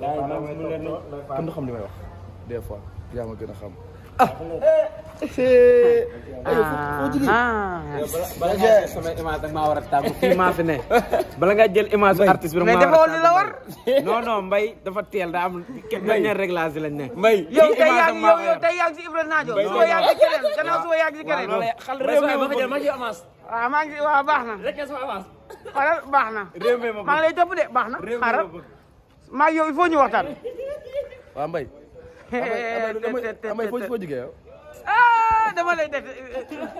kenn du xam li may wax des fois yaa ma gën a xam. ah bala nga jël image artiste eh. bi mais dafa li la war non non mbay dafa am réglage lañ mbay yow yow yow si Ibrahima ya, ya, Naajo si keneen si xal réew mi ma jël ma jël avance waaw maa ngi waaw baax rek sama avance xolal mi ma lay de maa yow il faut ñu waxtaan. waaw Mbaye. amay foo foo jugee mbay ah dama lay def. Euh, euh.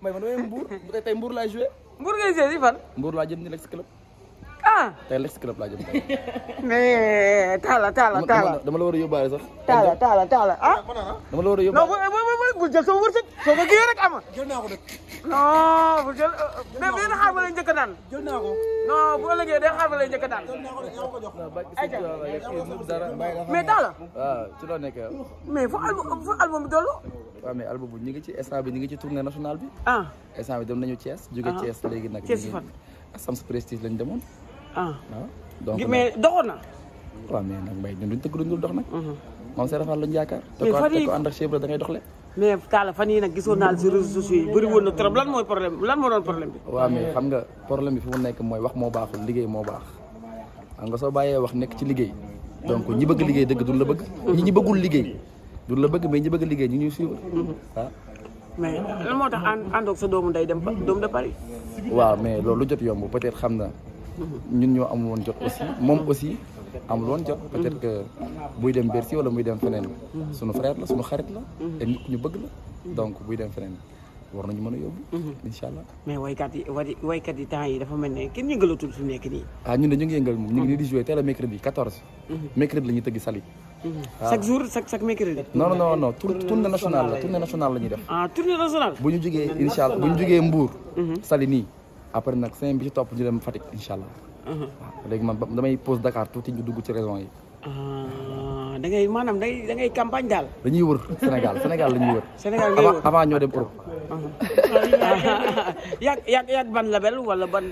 Mbaye man damay Mbour tey Mbour laay joué. Mbour ngay joué si fan. Mbour laa jëm ni la club. ah tey lex club laa jëm tey. mais taala dama la war a yóbbaale sax. taala taala taala ah. dama la war a yóbbaale non bu bu jël sama wërsëg soo ko jiyee rek ama. jël naa ko de. a a daan. jël naa ko de ñoo ko jox. ayca fu album fu album bi ah, album bi ñu ngi ci instant bi ñu ngi ci tournée nationale bi. ah instant bi dem nañu Thiès. jóge Thiès léegi nag. Thiès fan. Sams Prestige lañ demoon Ah. ah donc mais doxoon na. waaw mais nag mbay ñun duñ tëgg duñ dox na mhm. moom Serigne Fall lañ yaakaar. mais fan yii te ko ànd ak chèvre da ngay doxle. mais Talla fan yii nag gisoon naa si réseaux sociaux yi bëri na trop lan mooy problème nekk mooy wax moo baaxul liggéey moo baax xam nga soo bàyyee wax nekk ci liggéey donc ñi bëgg liggéey dëgg duñ la bëgg. ñi ñi bëggul liggéey duñ la bëgg mais ñi bëgg liggéey ñu ñuy suivre. Mhm. Ah. mais lan moo tax ànd àndoog sa doomu nday dem ba doomu de Paris. waaw mais loolu lu jot yomb peut xam na ñun ñoo amul woon jot aussi moom aussi amul woon jot peut-être que buy dem Bercy wala muy dem feneen sunu frère la sunu xarit la ñu bëgg la donc buy dem feneen war nañu mën a yóbbu incha allah mais yi wari waykat yi temps yi dafa mel ne kenn yëngalatul fi nekk nii ah ñu ñu ngi nii di joué teel a mercredi 14 mercredi la ñuy tëgg Saly ah. chaque jour chaque chaque mercredi non non non non tournée nationale la def ah tournée bu ñu jógee incha allah bu ñu jógee Mbour mhm. Saly nii après nak semaine bi top dem fatik inshallah uh-huh. légui man damay Dakar touti ñu dugg ci raison yi. Ah, da ngay da ngay campagne Sénégal Sénégal avant ñoo Europe. Uh-huh. label wala ban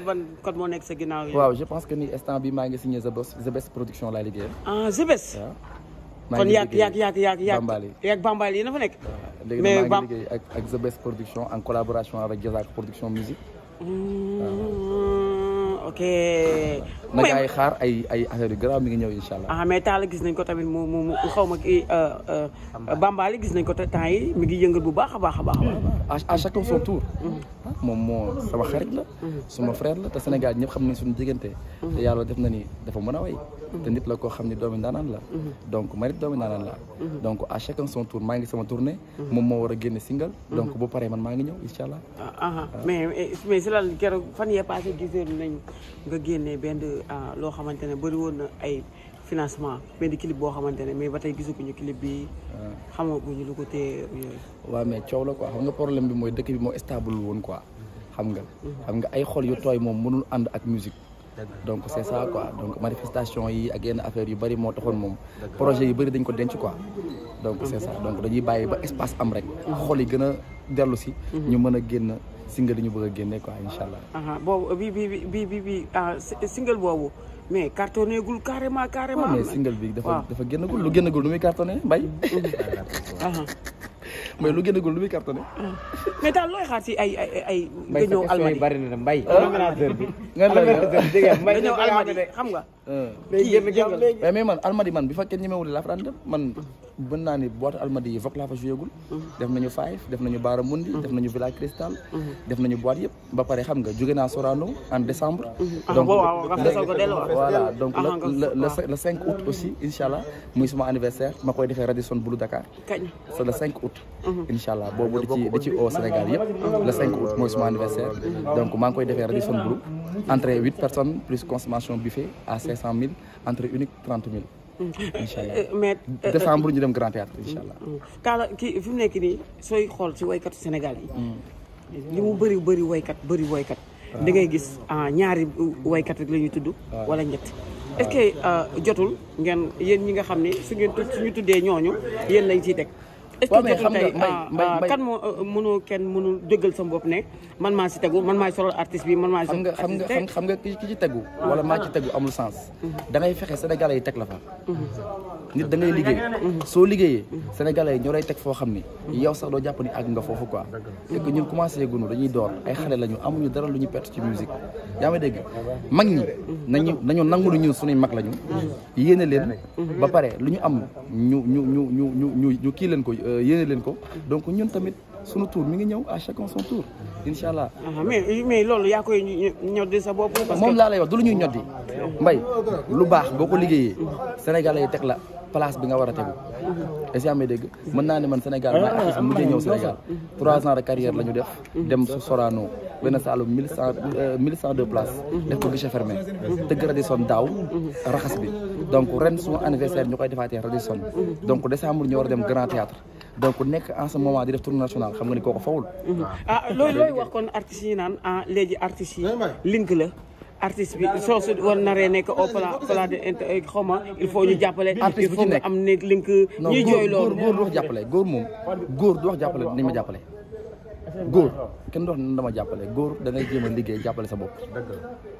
code je pense que ni signé les, production la les, ah the production en collaboration avec Jazak production musique. Mm, ok. mais ay xaar ay ay affaire yu garaaw mi ngi ñëw incha allah. ah mais Talla gis nañ ko tamit mu mu mu xaw ma kii euh, euh, Bambali gis nañ ko te temps yi mi ngi yëngal bu baax a baax a baax. à chacun son tour. Mm-hmm. Ah, moom moo sama xarit la. Mm-hmm. suma frère la te Sénégal ñëpp xam nañ suñu diggante. Mm-hmm. te yàlla def na ni dafa mën a way te nit la koo xam ne doomi ndaanaan la mhm. donc ma nit doomi ndaanaan la mhm. donc à chacun son tour maa ngi sama tournée mhm. moom moo war a génne single donc bu paree man maa ngi ñëw incha allah ah, ah. mais si lal keroog fan yee passé gisoon nañ génnee benn ah, loo xamante ne bëri woon na ay financement benn clip boo xamante ne mais ba tey gisaguñu clip bi xamaguñu lu ko te waa waaw mais coow la ko xam nga problème bi mooy dëkk bi moo stable woon quoi xam nga xam nga ay xool yu tooy moom mënul ànd ak musique donc c'est ça quoi donc manifestation yi ak yenn affaire yu bari mo taxone mom projet yu bari dañ ko denc quoi donc c'est ça donc dañuy bàyyi ba espace am rek xol yi gëna delu ci ñu mëna a single yi ñu bëgg quoi inshallah allah bi bi bi bi bi ah, single bobu mais cartonné gul carrément carrément mais single bi dafa dafa génnagul lu génnagul gul muy cartonné mbay mais lu génnagul lu muy cartonné. mais daal looy xaar si ay ay ay. nga ñëw Almadies mbay sa question yi bari na mbay. nga ñëw Almadies xam nga. Euh, mais mais man almadi man bi fa ñemewul laa fa daan dem man mën naa ni boîte almadi yi vok laa fa joué gul mhm. def nañu Five def na ñu Baara Mundi def nañu Villa Cristal mhm. def nañu boîte yëpp ba pare xam nga jóge naa Sorano en décembre mhm. ah, donc voilà donc le ah, le cinq août aussi incha allah muy suma anniversaire ma koy defee Radisson Blu Dakar c'est le cinq août incha allah boobu da ci da ci au Sénégal yëpp le cinq août maa ngi koy defee Radisson Blu entrée huit personnes plus consommation buffet cent mille unique trente mille. Mm. incha allah euh, mais euh, euh, ñu dem Grand Théâtre incha allah. Talla mm, mm. kii fi mu nekk nii sooy xool ci woykatu Sénégal yi. li mu bëri bëri woykat bëri woykat. Ah. da ngay gis ah, ñaari woykat rek la ñuy tudd. Ah. wala ñett est-ce jotul ngeen yéen ñi nga xam ne su ngeen su tuddee ñooñu yéen lañ ci teg. waaw mais xam nga may ah, may ah, kan moo euh, mënoo kenn mënul dëggal sa bopp ne man maa si tegu man maa solal artiste bi man maa xam nga xam nga xam nga ki ci tegu ah. wala maa ci tegu amul sens mm-hmm. da ngay fexe sénégalais yi teg la fa mm-hmm. nit da ngay liggéey mm-hmm. soo liggéeyee sénégalais yi ñoo lay teg foo xam ni yow sax doo jàpp ni àgg nga foofu quoi fekk ñun commencé gunu dañuy door ay xale lañu ñu dara lu ñu perte ci musique yaa may dégg mag ñi nañu nañu nangu lu ñun suñuy mag lañu yéene leen ba pare lu ñu am ñu ñu ñu ñu ñu ñu kii leen ko Euh, yéene leen ko donc ñun tamit sunu tour mi ngi ñëw à chacun son tour incha allah. Ah, mais mais loolu yaa koy ñoddi sa bopp. parce que moom laa lay du lu ñuy ñoddi mbay lu baax boo ko liggéeyee. Mm-hmm. Sénégalais yi teg la place bi nga war a tegu. est-ce que yaa may dégg naa ne man Sénégal maay ah, artiste mujjee ah, ñëw ah, Sénégal trois ans de carrière la ñu def mm-hmm. dem su Sorano benn euh, mille cent deux places mm-hmm. def ko guichet fermé mm-hmm. tëgg Radisson daaw raxas bi donc ren suma anniversaire ñu koy defaatee Radisson donc décembre ñu a dem Grand Théâtre donc nekk en moment di def tournée nationale xam nga ni kooko fawul ah loolu looy wax kon artistes naan ah léegi link la artiste bi soo su war nekk au plan euh, xaw ma il faut ñu jàppale. artiste bu ci nekk il faut am ne link. jàppale góor moom góor du jàppale dinañ ma jàppale. góor kenn dox na dama jàppale góor da ngay a liggéey jàppale sa bopp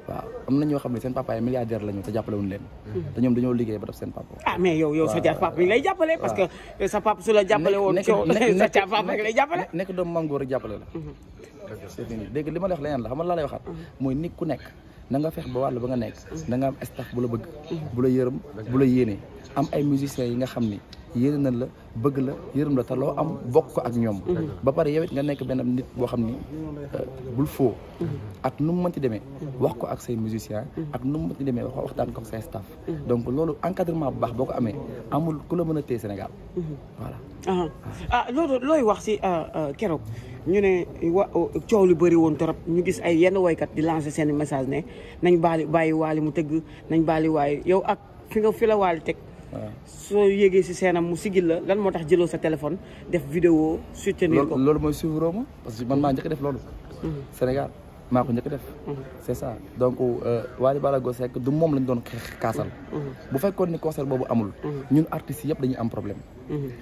waaw am ñoo xam ne seen papa la ñu jàppale wuñ leen hmm. te ñoom dañoo ba def seen ah, mais yow yow sa jaar papa que sa papa su la jàppale woon coow sa jaar jàppale nekk doomu maam góor a jàppale la hmm. dégg li ma la wax leneen la xam nga laa lay waxaat hmm. mooy nit ku nekk na nga fex ba wàll ba nga nekk da mm. nga am staff bu la bëgg mm. bu la yërëm bu yéene am ay musiciens yi nga xam ni yéene na la bëgg la yërëm la te loo am bokk ko ak ñoom mhm. ba pare yow nga nekk benn nit boo xam ni euh, bul foo mhm. ak nu mu mënti deme mhm. wax ko ak say musiciens ak nu mu mënti demee wax waxtaan ko ak say staff donc loolu encadrement bu baax boo ko amee amul ku la mën a téye Sénégal voilà ah. ah loolu looy wax si euh, euh, keroog ñu ne wa coow lu bëri woon torop ñu gis ay yenn woykat di lancer seeni message ne nañ baali bàyyi waali mu tëgg nañ baali waay yow ak fi nga fi la waali teg soo yégee si seenam mu sigil la lan moo tax jëloo sa téléphone def vidéo soutenir ko loolu mooy suivre ma parce que man maa njëkk def loolu mm-hmm. Sénégal maa ko njëkk def. Mhm. c'est ça donc euh, Wally Ballago Seck du moom lañ doon kaasal. Mhm. bu fekkoon ni concert boobu amul. Mhm. ñun artistes yëpp dañuy am problème.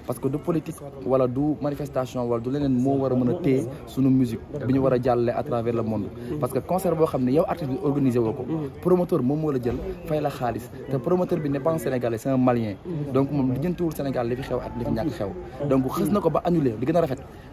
parce que du politique wala du manifestation wala du leneen moo war a mën a téye sunu musique bi ñu war a jàllale à travers le monde. parce que concert boo xam ne yow artiste bi organisé ko. promoteur moom moo la jël fay la xaalis te promoteur bi n'est pas un sénégalais malien. donc moom lijjantiwul Sénégal li a rafet.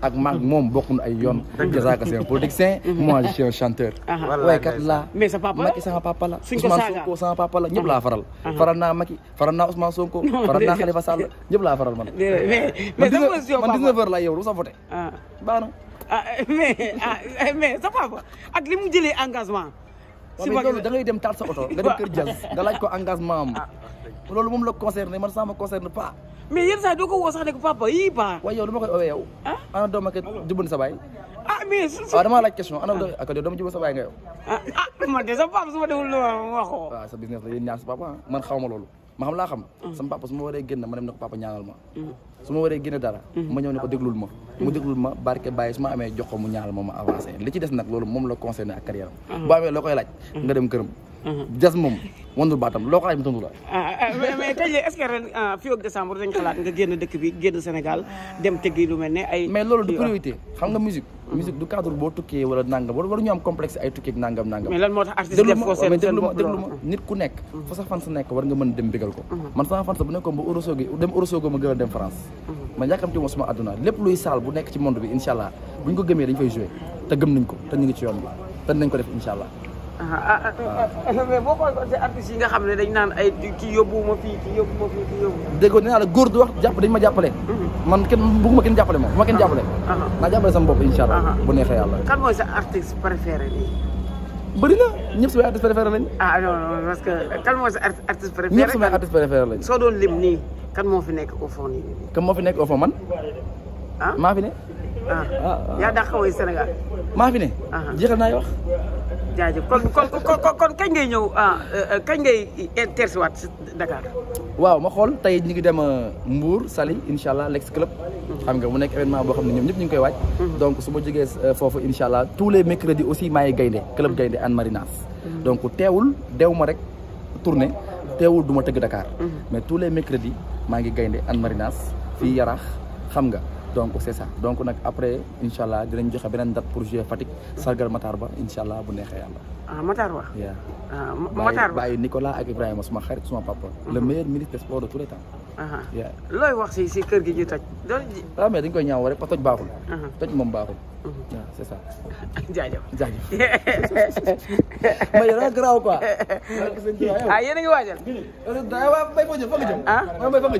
ak maag mom bokku ay yoon. Mm-hmm. Diazaka c'est mm-hmm. politicien. Mm-hmm. moi je suis un chanteur. Ah, ah. kat la mais sa papa la Macky papa la. Ousmane Sonko sama papa la ñëpp la ah. faral. faral na Macky faral na Ousmane Sonko. faral na Khalifa Sall ñëpp la faral man. mais mais sa position man 19 h la yow lu sa voté. ba na. ah mais ah mais sa papa ak limu mu engagement. si loolu da ngay dem taal sa auto nga dem kër Diaz nga laaj ko engagement am. loolu moom la concerné man ça me concerne pas. mais yenn saa doo ko woo sax ne ko papa yii baax. waaye yow dama koy owee yow. ah ana doom ak jubboon sa baay. ah mais su ah, ak doom jubboon sa baay nga yow. ah, ah man papa su ma deful lu ma waxoo. waaw papa man xaw ma loolu. ma laa xam mm. sama papa su ma waree génn ma dem ne ko papa ñaanal ma mm. dara mm. ma ñëw ne ko déglul ma mu déglul ma barke baay su ma amee jox ko mu ñaanal ma ma li ci des nag loolu moom la concerné ak carrière am boo amee loo koy laaj nga dem gërëm jas moom wanul baatam loo ko laaj mu tontu la. ah, ah, ah mais tey est ah, bi génn Sénégal dem teggi lu mel ne ay. mais loolu mhm. boo tukkee wala nangam waru ñu am complexe ay tukkee ak nangam nangam. moo tax nekk. Mhm. fa war nga mën dem bégal ko. Mhm. man a dem France. man yàkkamti ma suma bu nekk ci monde bi incha allah buñ ko te gëm nañ ko te ñu ngi ci yoon bi te nañ ko def incha allah Ah, ah, ah. mais boo xoolee si artistes yi nga xam ne dañ naan ay kii yóbbuwuma fii kii yóbbuwuma fii kii yóbbu. déggoo nee naa la góor du wax jàpp dañ ma jàppale. Mm-hmm. man kenn bëgguma kenn jàppale ma kenn jàppale. Uh-huh. Uh-huh. naa jàppale sama bopp incha allah. Uh-huh. bu neexee yàlla. kan mooy sa artiste préféré nii. bëri na ñëpp sumay artiste préféré lañ. ah non non fi nekk au fond nii. kan nekk au fond man. maa fi ne. ah yaa dàq woy Sénégal. naa wax jaajëf kon kon kon kañ ngay ñëw ah, euh, euh, kañ ngay tersiwaat si Dakar. waaw ma xool tey ñu ngi dem euh, Mbour Saly incha allah Lex Club. xam nga mu nekk événement boo xam ne ñoom ñëpp ñu ngi koy waaj. Mhm. donc su ma jógee foofu incha allah tous les mercredis aussi maay gaynde club gaynde Anne Marinas. Mhm. donc teewul dew ma rek tournée teewul du ma tëgg Dakar. Mhm. mais tous les mercredis maa ngi gaynde Anne Marinas fii Yaraax xam nga. donc c'est ça donc nak après inshallah dinañ joxe benen date pour jouer Fatick sargal Matar Ba incha bu nexe yalla ah Matar Ba. ah Matar Ba Nicolas ak Ibrahima suma xarit suma papa. Mhm. le meilleur ministre des sports de tous les temps. ya loy wax ci ci keur gi ñu toj. doon ah mais dañ koy ñaaw rek pa que toj baaxul. toj mom baaxul. waaw mhm. ça. jaajëf jaajëf. ma yore garaaw quoi. ah yéen a ngi waajal. ah.